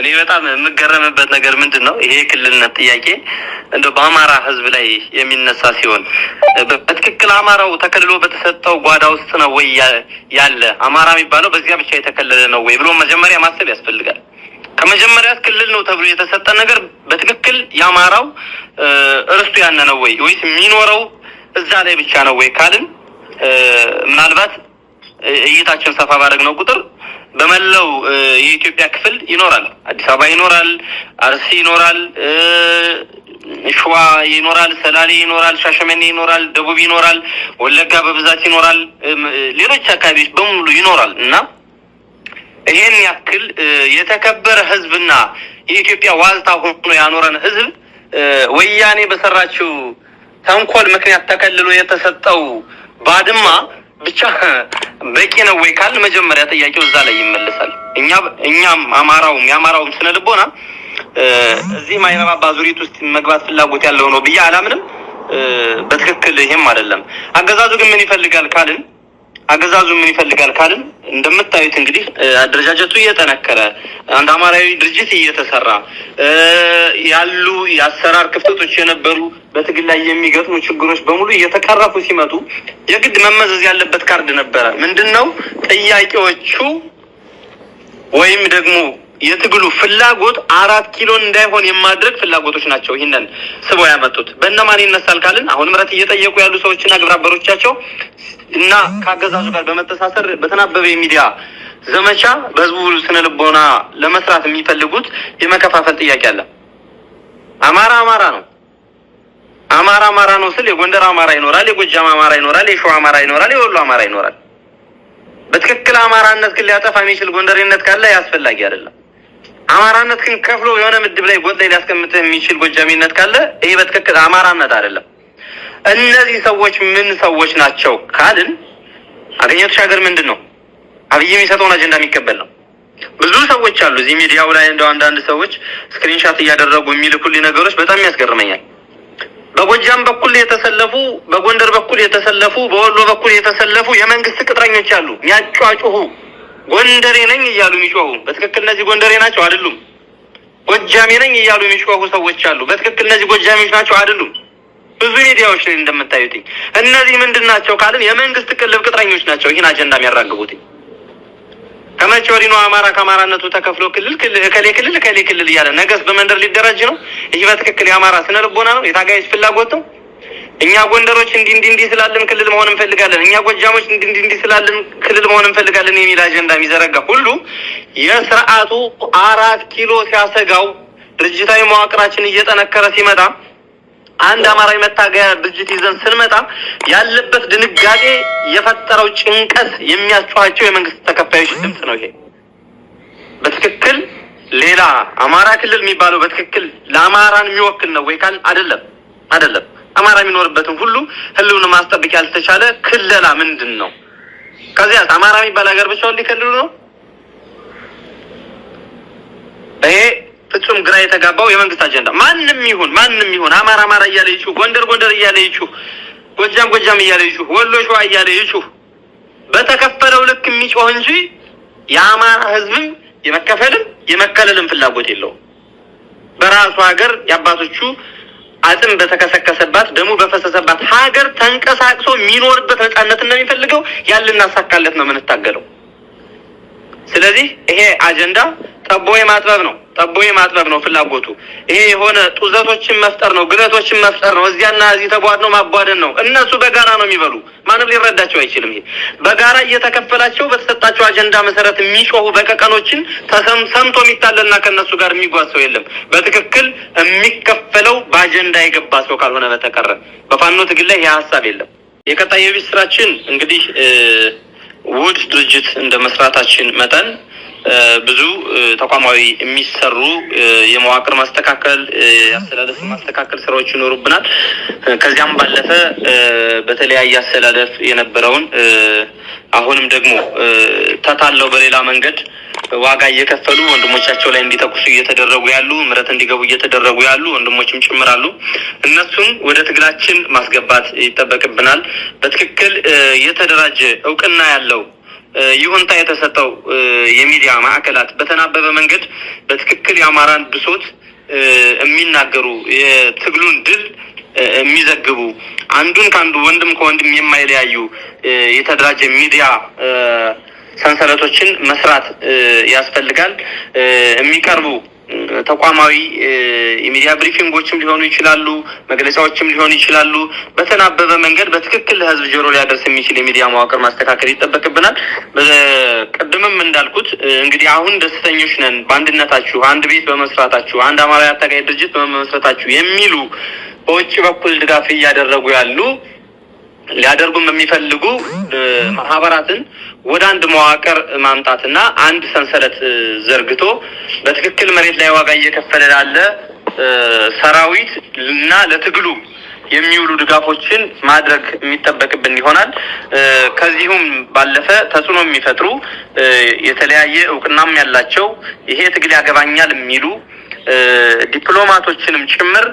እኔ በጣም የምገረምበት ነገር ምንድን ነው ይሄ የክልልነት ጥያቄ እንደ በአማራ ህዝብ ላይ የሚነሳ ሲሆን በትክክል አማራው ተከልሎ በተሰጠው ጓዳ ውስጥ ነው ወይ ያለ አማራ የሚባለው በዚያ ብቻ የተከለለ ነው ወይ ብሎ መጀመሪያ ማሰብ ያስፈልጋል። ከመጀመሪያ ክልል ነው ተብሎ የተሰጠ ነገር በትክክል የአማራው እርስቱ ያነ ነው ወይ ወይስ የሚኖረው እዛ ላይ ብቻ ነው ወይ ካልን ምናልባት እይታችን ሰፋ ባደረግ ነው ቁጥር በመላው የኢትዮጵያ ክፍል ይኖራል። አዲስ አበባ ይኖራል፣ አርሲ ይኖራል፣ ሸዋ ይኖራል፣ ሰላሌ ይኖራል፣ ሻሸመኔ ይኖራል፣ ደቡብ ይኖራል፣ ወለጋ በብዛት ይኖራል፣ ሌሎች አካባቢዎች በሙሉ ይኖራል እና ይህን ያክል የተከበረ ህዝብና የኢትዮጵያ ዋልታ ሆኖ ያኖረን ህዝብ ወያኔ በሰራችው ተንኮል ምክንያት ተከልሎ የተሰጠው ባድማ ብቻ በቂ ነው ወይ ካል መጀመሪያ ጥያቄው እዛ ላይ ይመለሳል። እኛ እኛም አማራውም የአማራውም ስነ ልቦና እዚህ ማይረባ ባዙሪት ውስጥ መግባት ፍላጎት ያለው ነው ብዬ አላምንም። በትክክል ይሄም አይደለም። አገዛዙ ግን ምን ይፈልጋል ካልን አገዛዙ ምን ይፈልጋል ካልን እንደምታዩት እንግዲህ አደረጃጀቱ እየጠነከረ አንድ አማራዊ ድርጅት እየተሰራ ያሉ የአሰራር ክፍተቶች የነበሩ በትግል ላይ የሚገጥሙ ችግሮች በሙሉ እየተቀረፉ ሲመጡ የግድ መመዘዝ ያለበት ካርድ ነበረ። ምንድን ነው ጥያቄዎቹ ወይም ደግሞ የትግሉ ፍላጎት አራት ኪሎን እንዳይሆን የማድረግ ፍላጎቶች ናቸው። ይህንን ስበው ያመጡት በእነማን ይነሳል ካልን አሁን ምረት እየጠየቁ ያሉ ሰዎችና ግብረአበሮቻቸው እና ከአገዛዙ ጋር በመተሳሰር በተናበበ የሚዲያ ዘመቻ በህዝቡ ስነ ልቦና ለመስራት የሚፈልጉት የመከፋፈል ጥያቄ አለ። አማራ አማራ ነው። አማራ አማራ ነው ስል የጎንደር አማራ ይኖራል፣ የጎጃም አማራ ይኖራል፣ የሸዋ አማራ ይኖራል፣ የወሎ አማራ ይኖራል። በትክክል አማራነት ግን ሊያጠፋ የሚችል ጎንደሬነት ካለ ያስፈላጊ አይደለም። አማራነት ግን ከፍሎ የሆነ ምድብ ላይ ጎጥ ላይ ሊያስቀምጥህ የሚችል ጎጃሚነት ካለ ይሄ በትክክል አማራነት አይደለም። እነዚህ ሰዎች ምን ሰዎች ናቸው ካልን አገኘሁ ተሻገር ምንድን ነው አብይ የሚሰጠውን አጀንዳ የሚቀበል ነው። ብዙ ሰዎች አሉ እዚህ ሚዲያው ላይ እንደው አንዳንድ ሰዎች ስክሪንሻት እያደረጉ የሚልኩልኝ ነገሮች በጣም ያስገርመኛል። በጎጃም በኩል የተሰለፉ፣ በጎንደር በኩል የተሰለፉ፣ በወሎ በኩል የተሰለፉ የመንግስት ቅጥረኞች አሉ የሚያጫጩሁ ጎንደሬ ነኝ እያሉ የሚጮሁ በትክክል እነዚህ ጎንደሬ ናቸው አይደሉም? ጎጃሜ ነኝ እያሉ የሚጮሁ ሰዎች አሉ። በትክክል እነዚህ ጎጃሜዎች ናቸው አይደሉም? ብዙ ሚዲያዎች ላይ እንደምታዩት እነዚህ ምንድን ናቸው ካልን የመንግስት ቅልብ ቅጥረኞች ናቸው። ይህን አጀንዳ የሚያራግቡት ከመቼ ወዲህ ነው አማራ ከአማራነቱ ተከፍሎ ክልል ከሌ ክልል ከሌ ክልል እያለ ነገስ በመንደር ሊደራጅ ነው? ይህ በትክክል የአማራ ስነ ልቦና ነው? የታጋዮች ፍላጎት ነው? እኛ ጎንደሮች እንዲ እንዲ እንዲ ስላለን ክልል መሆን እንፈልጋለን፣ እኛ ጎጃሞች እንዲ እንዲ እንዲ ስላለን ክልል መሆን እንፈልጋለን የሚል አጀንዳ የሚዘረጋ ሁሉ የስርዓቱ አራት ኪሎ ሲያሰጋው ድርጅታዊ መዋቅራችን እየጠነከረ ሲመጣ አንድ አማራዊ መታገያ ድርጅት ይዘን ስንመጣ ያለበት ድንጋጤ የፈጠረው ጭንቀት የሚያስጨዋቸው የመንግስት ተከፋዮች ድምፅ ነው። ይሄ በትክክል ሌላ አማራ ክልል የሚባለው በትክክል ለአማራን የሚወክል ነው ወይ ካል አደለም፣ አደለም። አማራ የሚኖርበትን ሁሉ ህልውን ማስጠበቅ ያልተቻለ ክለላ ምንድን ነው? ከዚያ አማራ የሚባል ሀገር ብቻው እንዲከልሉ ነው። ይሄ ፍጹም ግራ የተጋባው የመንግስት አጀንዳ። ማንም ይሁን ማንም ይሁን አማራ አማራ እያለ ይችሁ፣ ጎንደር ጎንደር እያለ ይችሁ፣ ጎጃም ጎጃም እያለ ይችሁ፣ ወሎ ሸዋ እያለ ይችሁ፣ በተከፈለው ልክ የሚጮህ እንጂ የአማራ ህዝብም የመከፈልም የመከለልም ፍላጎት የለውም። በራሱ ሀገር የአባቶቹ አጥም በተከሰከሰባት ደሙ በፈሰሰባት ሀገር ተንቀሳቅሶ የሚኖርበት ነጻነት እንደሚፈልገው ያልናሳካለት ነው የምንታገለው። ስለዚህ ይሄ አጀንዳ ጠቦ የማጥበብ ነው። ጠቦ የማጥበብ ነው ፍላጎቱ። ይሄ የሆነ ጡዘቶችን መፍጠር ነው፣ ግለቶችን መፍጠር ነው። እዚያና እዚህ ተጓድ ነው፣ ማጓደን ነው። እነሱ በጋራ ነው የሚበሉ፣ ማንም ሊረዳቸው አይችልም። ይሄ በጋራ እየተከፈላቸው በተሰጣቸው አጀንዳ መሰረት የሚጮሁ በቀቀኖችን ተሰምቶ የሚታለልና ከእነሱ ጋር የሚጓዝ ሰው የለም። በትክክል የሚከፈለው በአጀንዳ የገባ ሰው ካልሆነ በተቀረ በፋኖ ትግል ላይ ይህ ሀሳብ የለም። የቀጣይ የቤት ስራችን እንግዲህ ውድ ድርጅት እንደ መስራታችን መጠን ብዙ ተቋማዊ የሚሰሩ የመዋቅር ማስተካከል፣ የአስተዳደፍ ማስተካከል ስራዎች ይኖሩብናል። ከዚያም ባለፈ በተለያየ አስተዳደፍ የነበረውን አሁንም ደግሞ ተታለው በሌላ መንገድ ዋጋ እየከፈሉ ወንድሞቻቸው ላይ እንዲተኩሱ እየተደረጉ ያሉ ምረት እንዲገቡ እየተደረጉ ያሉ ወንድሞችም ጭምራሉ እነሱም እነሱን ወደ ትግላችን ማስገባት ይጠበቅብናል። በትክክል የተደራጀ እውቅና ያለው ይሁንታ የተሰጠው የሚዲያ ማዕከላት በተናበበ መንገድ በትክክል የአማራን ብሶት የሚናገሩ የትግሉን ድል የሚዘግቡ አንዱን ከአንዱ ወንድም ከወንድም የማይለያዩ የተደራጀ ሚዲያ ሰንሰለቶችን መስራት ያስፈልጋል። የሚቀርቡ ተቋማዊ የሚዲያ ብሪፊንጎችም ሊሆኑ ይችላሉ፣ መግለጫዎችም ሊሆኑ ይችላሉ። በተናበበ መንገድ በትክክል ለህዝብ ጆሮ ሊያደርስ የሚችል የሚዲያ መዋቅር ማስተካከል ይጠበቅብናል። ቅድምም እንዳልኩት እንግዲህ አሁን ደስተኞች ነን በአንድነታችሁ፣ አንድ ቤት በመስራታችሁ፣ አንድ አማራዊ አታጋይ ድርጅት በመመስረታችሁ የሚሉ በውጭ በኩል ድጋፍ እያደረጉ ያሉ ሊያደርጉም የሚፈልጉ ማህበራትን ወደ አንድ መዋቅር ማምጣትና አንድ ሰንሰለት ዘርግቶ በትክክል መሬት ላይ ዋጋ እየከፈለ ላለ ሰራዊት እና ለትግሉ የሚውሉ ድጋፎችን ማድረግ የሚጠበቅብን ይሆናል። ከዚሁም ባለፈ ተጽዕኖ የሚፈጥሩ የተለያየ እውቅናም ያላቸው ይሄ ትግል ያገባኛል የሚሉ ዲፕሎማቶችንም ጭምር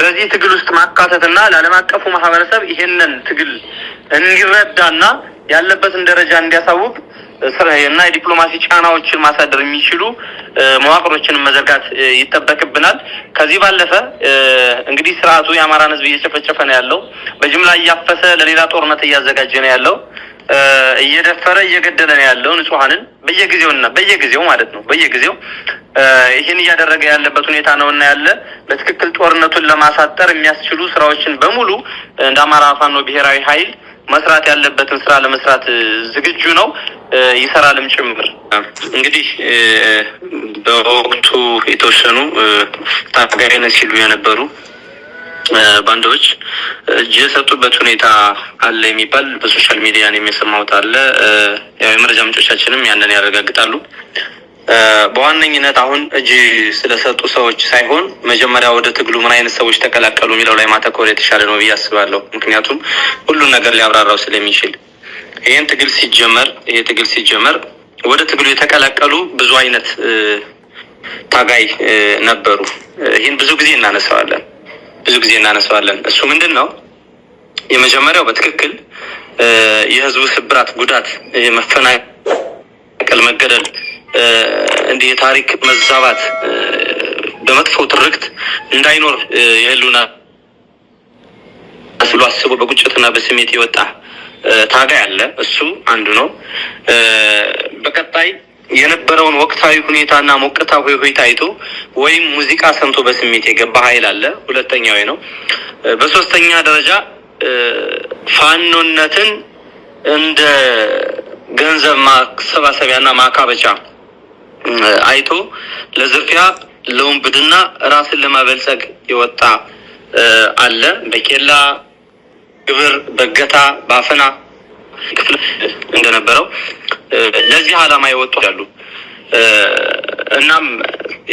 በዚህ ትግል ውስጥ ማካተትና ለዓለም አቀፉ ማህበረሰብ ይሄንን ትግል እንዲረዳና ያለበትን ደረጃ እንዲያሳውቅ እና የዲፕሎማሲ ጫናዎችን ማሳደር የሚችሉ መዋቅሮችን መዘርጋት ይጠበቅብናል። ከዚህ ባለፈ እንግዲህ ስርዓቱ የአማራን ህዝብ እየጨፈጨፈ ነው ያለው። በጅምላ እያፈሰ ለሌላ ጦርነት እያዘጋጀ ነው ያለው። እየደፈረ እየገደለ ነው ያለው ንጹሐንን በየጊዜውና በየጊዜው ማለት ነው። በየጊዜው ይህን እያደረገ ያለበት ሁኔታ ነው እና ያለ በትክክል ጦርነቱን ለማሳጠር የሚያስችሉ ስራዎችን በሙሉ እንደ አማራ ፋኖ ብሔራዊ ኃይል መስራት ያለበትን ስራ ለመስራት ዝግጁ ነው፣ ይሰራልም ጭምር። እንግዲህ በወቅቱ የተወሰኑ ታጋይነት ሲሉ የነበሩ ባንዶች እጅ የሰጡበት ሁኔታ አለ የሚባል በሶሻል ሚዲያ የሚሰማውት አለ። የመረጃ ምንጮቻችንም ያንን ያረጋግጣሉ። በዋነኝነት አሁን እጅ ስለሰጡ ሰዎች ሳይሆን መጀመሪያ ወደ ትግሉ ምን አይነት ሰዎች ተቀላቀሉ የሚለው ላይ ማተኮር የተሻለ ነው ብዬ አስባለሁ። ምክንያቱም ሁሉን ነገር ሊያብራራው ስለሚችል ይህን ትግል ሲጀመር ይሄ ትግል ሲጀመር ወደ ትግሉ የተቀላቀሉ ብዙ አይነት ታጋይ ነበሩ። ይህን ብዙ ጊዜ እናነሳዋለን። ብዙ ጊዜ እናነሳዋለን። እሱ ምንድን ነው? የመጀመሪያው በትክክል የህዝቡ ስብራት፣ ጉዳት፣ የመፈናቀል፣ መገደል፣ እንዲህ የታሪክ መዛባት በመጥፎ ትርክት እንዳይኖር የህሉና ስሉ አስቦ በቁጭትና በስሜት የወጣ ታጋይ አለ። እሱ አንዱ ነው። በቀጣይ የነበረውን ወቅታዊ ሁኔታና ሞቅታዊ ሁኔታ አይቶ ወይም ሙዚቃ ሰምቶ በስሜት የገባ ኃይል አለ። ሁለተኛው ነው። በሶስተኛ ደረጃ ፋኖነትን እንደ ገንዘብ ማሰባሰቢያና ማካበቻ አይቶ ለዝርፊያ፣ ለውንብድና ራስን ለማበልጸግ የወጣ አለ። በኬላ ግብር፣ በገታ፣ በአፈና ክፍል እንደነበረው ለዚህ ዓላማ የወጡ ያሉ እናም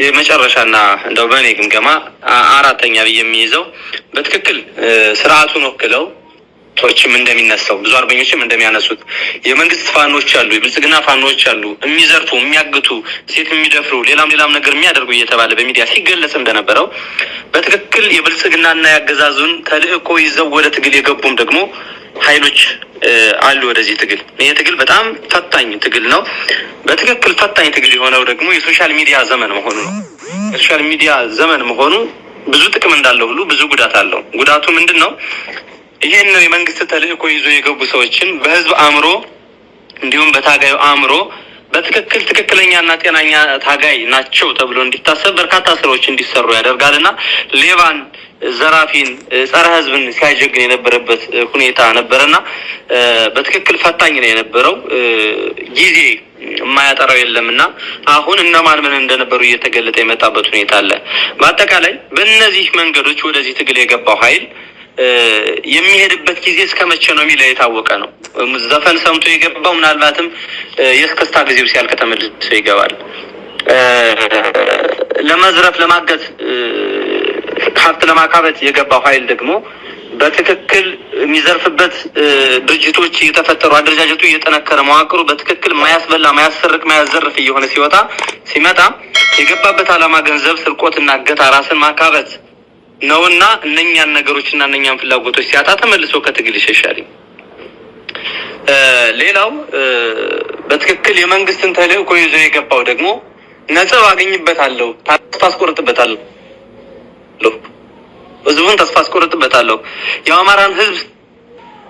የመጨረሻና እንደው በእኔ ግምገማ አራተኛ ብዬ የሚይዘው በትክክል ስርዓቱን ወክለው ቶችም እንደሚነሳው ብዙ አርበኞችም እንደሚያነሱት የመንግስት ፋኖች አሉ፣ የብልጽግና ፋኖች አሉ፣ የሚዘርፉ የሚያግቱ፣ ሴት የሚደፍሩ፣ ሌላም ሌላም ነገር የሚያደርጉ እየተባለ በሚዲያ ሲገለጽ እንደነበረው በትክክል የብልጽግናና ያገዛዙን ተልእኮ ይዘው ወደ ትግል የገቡም ደግሞ ኃይሎች አሉ ወደዚህ ትግል። ይሄ ትግል በጣም ፈታኝ ትግል ነው። በትክክል ፈታኝ ትግል የሆነው ደግሞ የሶሻል ሚዲያ ዘመን መሆኑ ነው። የሶሻል ሚዲያ ዘመን መሆኑ ብዙ ጥቅም እንዳለው ሁሉ ብዙ ጉዳት አለው። ጉዳቱ ምንድን ነው? ይህን ነው የመንግስት ተልእኮ ይዞ የገቡ ሰዎችን በህዝብ አእምሮ እንዲሁም በታጋዩ አእምሮ በትክክል ትክክለኛና ጤናኛ ታጋይ ናቸው ተብሎ እንዲታሰብ በርካታ ስራዎች እንዲሰሩ ያደርጋልና ሌባን፣ ዘራፊን፣ ጸረ ህዝብን ሲያጀግን የነበረበት ሁኔታ ነበረና በትክክል ፈታኝ ነው የነበረው። ጊዜ የማያጠራው የለም እና አሁን እነማን ምን እንደነበሩ እየተገለጠ የመጣበት ሁኔታ አለ። በአጠቃላይ በእነዚህ መንገዶች ወደዚህ ትግል የገባው ኃይል የሚሄድበት ጊዜ እስከ መቼ ነው የሚለው የታወቀ ነው። ዘፈን ሰምቶ የገባው ምናልባትም የእስክስታ ጊዜው ሲያልቅ ተመልሶ ይገባል። ለመዝረፍ፣ ለማገት፣ ሀብት ለማካበት የገባው ኃይል ደግሞ በትክክል የሚዘርፍበት ድርጅቶች እየተፈጠሩ አደረጃጀቱ እየጠነከረ መዋቅሩ በትክክል ማያስበላ ማያሰርቅ ማያዘርፍ እየሆነ ሲወጣ ሲመጣ የገባበት ዓላማ ገንዘብ፣ ስርቆትና እገታ፣ ራስን ማካበት ነው እና እነኛን ነገሮች እና እነኛን ፍላጎቶች ሲያጣ ተመልሶ ከትግል ይሸሻል። ሌላው በትክክል የመንግስትን ተልእኮ ይዞ የገባው ደግሞ ነጥብ አገኝበታለሁ፣ ተስፋ አስቆርጥበታለሁ፣ ህዝቡን ተስፋ አስቆርጥበታለሁ፣ የአማራን ህዝብ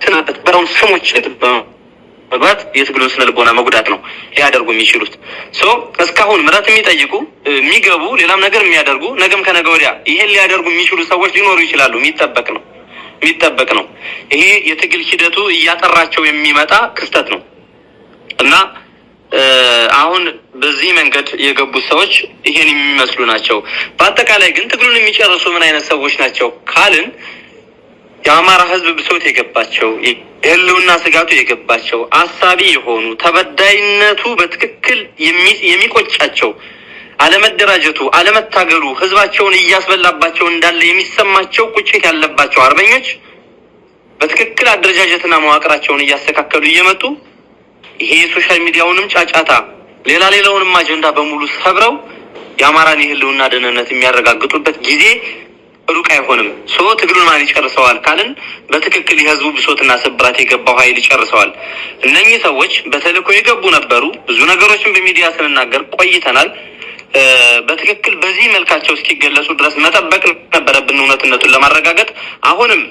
ስናበት በራውን ስሞች ነው መግባት የትግሉን ስነልቦና መጉዳት ነው ሊያደርጉ የሚችሉት። ሶ እስካሁን ምረት የሚጠይቁ የሚገቡ፣ ሌላም ነገር የሚያደርጉ ነገም ከነገ ወዲያ ይሄን ሊያደርጉ የሚችሉ ሰዎች ሊኖሩ ይችላሉ። የሚጠበቅ ነው የሚጠበቅ ነው። ይሄ የትግል ሂደቱ እያጠራቸው የሚመጣ ክስተት ነው እና አሁን በዚህ መንገድ የገቡት ሰዎች ይሄን የሚመስሉ ናቸው። በአጠቃላይ ግን ትግሉን የሚጨርሱ ምን አይነት ሰዎች ናቸው ካልን የአማራ ህዝብ ብሶት የገባቸው የህልውና ስጋቱ የገባቸው አሳቢ የሆኑ ተበዳይነቱ በትክክል የሚቆጫቸው አለመደራጀቱ፣ አለመታገሉ ህዝባቸውን እያስበላባቸው እንዳለ የሚሰማቸው ቁጭት ያለባቸው አርበኞች በትክክል አደረጃጀትና መዋቅራቸውን እያስተካከሉ እየመጡ ይሄ የሶሻል ሚዲያውንም ጫጫታ ሌላ ሌላውንም አጀንዳ በሙሉ ሰብረው የአማራን የህልውና ደህንነት የሚያረጋግጡበት ጊዜ ሩቅ አይሆንም። ሶ ትግሉን ማን ይጨርሰዋል ካልን በትክክል የህዝቡ ብሶትና ስብራት የገባው ኃይል ይጨርሰዋል። እነኚህ ሰዎች በተልእኮ የገቡ ነበሩ። ብዙ ነገሮችን በሚዲያ ስንናገር ቆይተናል። በትክክል በዚህ መልካቸው እስኪገለጹ ድረስ መጠበቅ ነበረብን እውነትነቱን ለማረጋገጥ አሁንም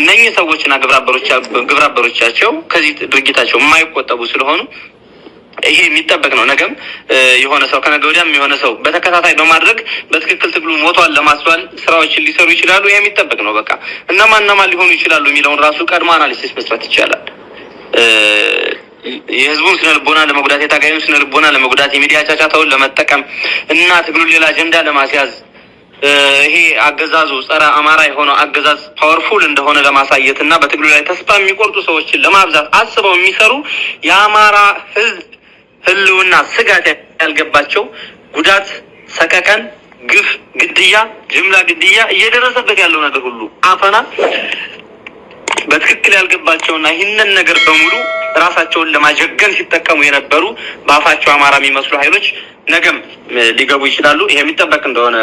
እነኚህ ሰዎችና ግብረ አበሮቻቸው ከዚህ ድርጊታቸው የማይቆጠቡ ስለሆኑ ይሄ የሚጠበቅ ነው። ነገም የሆነ ሰው ከነገ ወዲያም የሆነ ሰው በተከታታይ በማድረግ በትክክል ትግሉ ሞቷል ለማስባል ስራዎችን ሊሰሩ ይችላሉ። ይሄ የሚጠበቅ ነው። በቃ እነማ እነማ ሊሆኑ ይችላሉ የሚለውን ራሱ ቀድሞ አናሊሲስ መስራት ይቻላል። የህዝቡን ስነ ልቦና ለመጉዳት የታጋዩን ስነ ልቦና ለመጉዳት የሚዲያ ቻቻታውን ለመጠቀም እና ትግሉን ሌላ አጀንዳ ለማስያዝ ይሄ አገዛዙ ጸረ አማራ የሆነው አገዛዝ ፓወርፉል እንደሆነ ለማሳየት እና በትግሉ ላይ ተስፋ የሚቆርጡ ሰዎችን ለማብዛት አስበው የሚሰሩ የአማራ ህዝብ ህልውና ስጋት ያልገባቸው ጉዳት፣ ሰቀቀን፣ ግፍ፣ ግድያ፣ ጅምላ ግድያ እየደረሰበት ያለው ነገር ሁሉ አፈና በትክክል ያልገባቸውና ይህንን ነገር በሙሉ ራሳቸውን ለማጀገን ሲጠቀሙ የነበሩ በአፋቸው አማራ የሚመስሉ ኃይሎች ነገም ሊገቡ ይችላሉ። ይሄ የሚጠበቅ እንደሆነ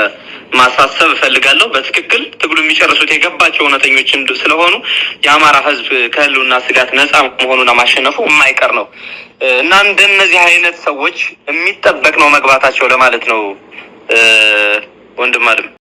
ማሳሰብ እፈልጋለሁ። በትክክል ትግሉ የሚጨርሱት የገባቸው እውነተኞች ስለሆኑ የአማራ ሕዝብ ከህልውና ስጋት ነጻ መሆኑና ማሸነፉ የማይቀር ነው እና እንደነዚህ አይነት ሰዎች የሚጠበቅ ነው መግባታቸው ለማለት ነው። ወንድም አድም